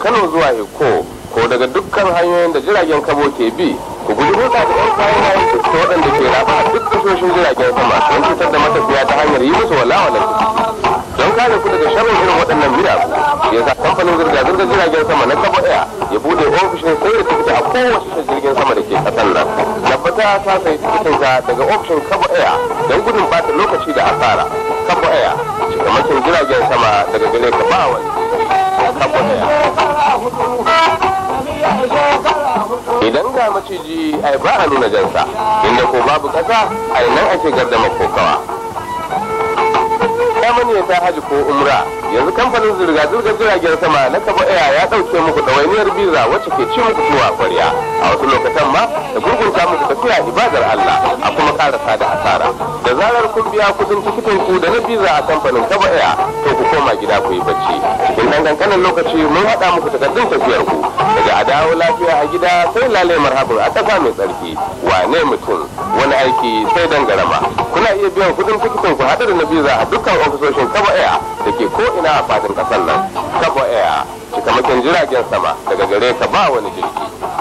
Kano zuwa Eko ko daga dukkan hanyoyin da jiragen kabo ke bi ku guji hulɗa da ƴan kayan da waɗanda ke raba duk tashoshin jiragen sama don cutar da matafiya ta hanyar yi musu walawala don kare ku daga sharrin irin waɗannan miyagu ya sa kamfanin zirga-zirgar jiragen sama na kabo ɗaya ya bude ofishin sai da tikiti a kowace jirgin sama da ke ƙasar nan tabbata ta sayi tikitinka daga ofishin kabo ɗaya don gudun ɓata lokaci da asara kabo ɗaya idan ga maciji ai ba a nuna jansa inda ko babu kasa ai nan ake gardama kokawa kamar ta haji ko umra yanzu kamfanin zirga-zirgar jiragen sama na kaba air ya dauke muku ɗawainiyar biza wacce ke ci muku zuwa kwarya a wasu lokacin ma da gurgunta muku tafiya ibadar Allah a kuma ƙara tsada biya kudin tikitin ku da na biza a kamfanin kaba air to ku koma gida ku yi bacci cikin dan kankanin lokaci mun haɗa muku takardun tafiyar ku daga a dawo lafiya a gida sai lalai marhabin a ƙasa mai tsarki wane mutum wani aiki sai garama kuna iya biyan kudin tikitin ku haɗu da na biza a dukkan ofisoshin kaba air da ke ko ina a fadin ƙasar nan kaba air cikamakin jiragen sama daga gare ka ba wani jirgi